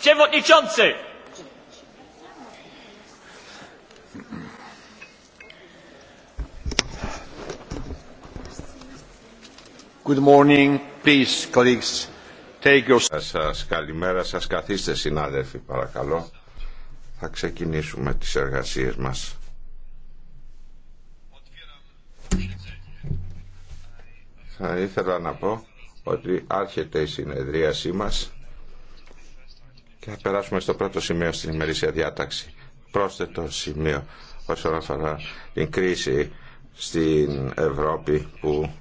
Przewodniczący! Good morning, please, colleagues. Take Σας καλημέρα, σας καθίστε συνάδελφοι παρακαλώ. Θα ξεκινήσουμε τις εργασίες μας. Θα ήθελα να πω ότι άρχεται η συνεδρίασή μας και θα περάσουμε στο πρώτο σημείο στην ημερήσια διάταξη. Πρόσθετο σημείο όσον αφορά την κρίση στην Ευρώπη που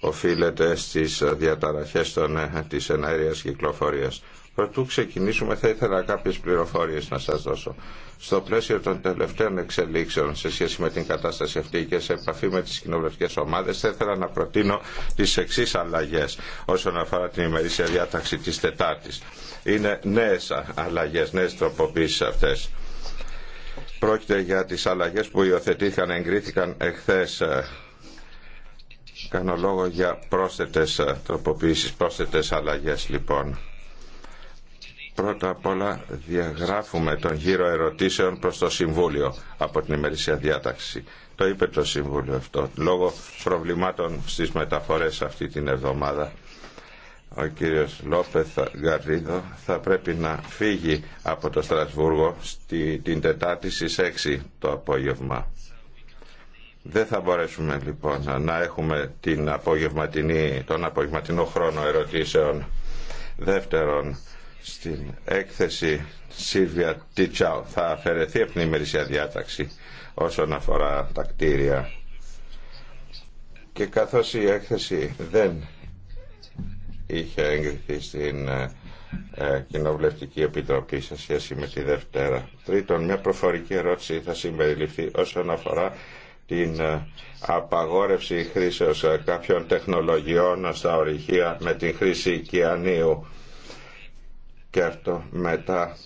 οφείλεται στις διαταραχές των, ε, της εναέριας κυκλοφορίας. Πρωτού ξεκινήσουμε θα ήθελα κάποιες πληροφορίες να σας δώσω. Στο πλαίσιο των τελευταίων εξελίξεων σε σχέση με την κατάσταση αυτή και σε επαφή με τις κοινοβουλευτικές ομάδες θα ήθελα να προτείνω τις εξής αλλαγές όσον αφορά την ημερήσια διάταξη της Τετάρτης. Είναι νέες αλλαγές, νέες τροποποίησεις αυτές. Πρόκειται για τις αλλαγές που υιοθετήθηκαν, εγκρίθηκαν εχθές Κάνω λόγο για πρόσθετες τροποποίησεις, πρόσθετες αλλαγές λοιπόν. Πρώτα απ' όλα διαγράφουμε τον γύρο ερωτήσεων προς το Συμβούλιο από την ημερησία διάταξη. Το είπε το Συμβούλιο αυτό, λόγω προβλημάτων στις μεταφορές αυτή την εβδομάδα. Ο κύριος Λόπεθ Γαρδίδο θα πρέπει να φύγει από το Στρασβούργο στη, την Τετάρτη στις 6 το απόγευμα. Δεν θα μπορέσουμε λοιπόν να έχουμε την απογευματινή, τον απογευματινό χρόνο ερωτήσεων. Δεύτερον, στην έκθεση Σίλβια Τίτσαου θα αφαιρεθεί από την ημερησία διάταξη όσον αφορά τα κτίρια και καθώς η έκθεση δεν είχε εγκριθεί στην ε, ε, Κοινοβουλευτική Επιτροπή σε σχέση με τη Δευτέρα. Τρίτον, μια προφορική ερώτηση θα συμπεριληφθεί όσον αφορά την ε, απαγόρευση χρήσεως κάποιων τεχνολογιών στα ορυχεία με την χρήση κιανίου και αυτό μετά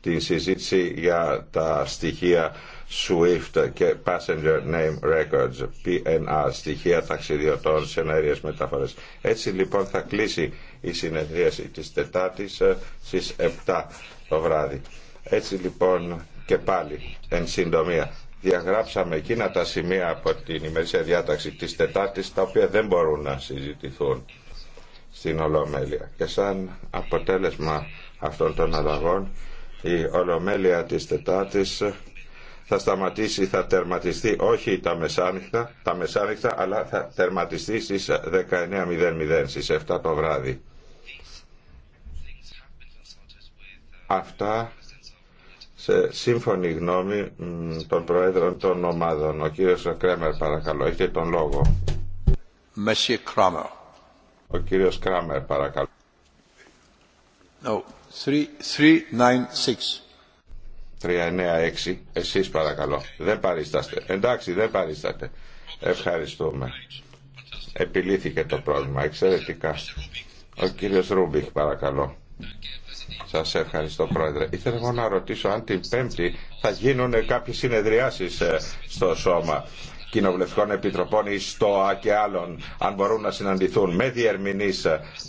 τη συζήτηση για τα στοιχεία SWIFT και Passenger Name Records, PNR, στοιχεία ταξιδιωτών σε αέριες μεταφορές. Έτσι λοιπόν θα κλείσει η συνεδρίαση της Τετάρτης ε, στις 7 το βράδυ. Έτσι λοιπόν και πάλι εν συντομία διαγράψαμε εκείνα τα σημεία από την ημερήσια διάταξη της Τετάρτης τα οποία δεν μπορούν να συζητηθούν στην Ολομέλεια. Και σαν αποτέλεσμα αυτών των αλλαγών η Ολομέλεια της Τετάτης θα σταματήσει, θα τερματιστεί όχι τα μεσάνυχτα, τα αλλά θα τερματιστεί στις 19.00 στις 7 το βράδυ. Αυτά σε σύμφωνη γνώμη των Προέδρων των ομάδων. Ο κύριος Κρέμερ παρακαλώ, έχετε τον λόγο. Monsieur Kramer. Ο κύριος Κράμερ, παρακαλώ. No, 396. 396. Εσείς παρακαλώ. Δεν παρίσταστε. Εντάξει, δεν παρίστατε. Ευχαριστούμε. Επιλύθηκε το πρόβλημα. Εξαιρετικά. Ο κύριος Ρούμπιχ, παρακαλώ. Σας ευχαριστώ Πρόεδρε. Ήθελα εγώ να ρωτήσω αν την Πέμπτη θα γίνουν κάποιες συνεδριάσεις ε, στο σώμα κοινοβουλευτικών επιτροπών ή ΣΤΟΑ και άλλων, αν μπορούν να συναντηθούν με διερμηνεί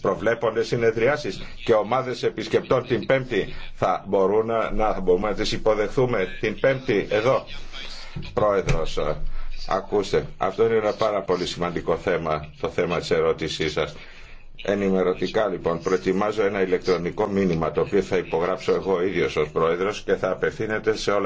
προβλέπονται συνεδριάσει και ομάδε επισκεπτών την Πέμπτη θα, μπορούν, να, μπορούμε να τι υποδεχθούμε την Πέμπτη εδώ. πρόεδρο. ακούστε, αυτό είναι ένα πάρα πολύ σημαντικό θέμα, το θέμα τη ερώτησή σα. Ενημερωτικά λοιπόν προετοιμάζω ένα ηλεκτρονικό μήνυμα το οποίο θα υπογράψω εγώ ίδιος ως πρόεδρος και θα απευθύνεται σε όλα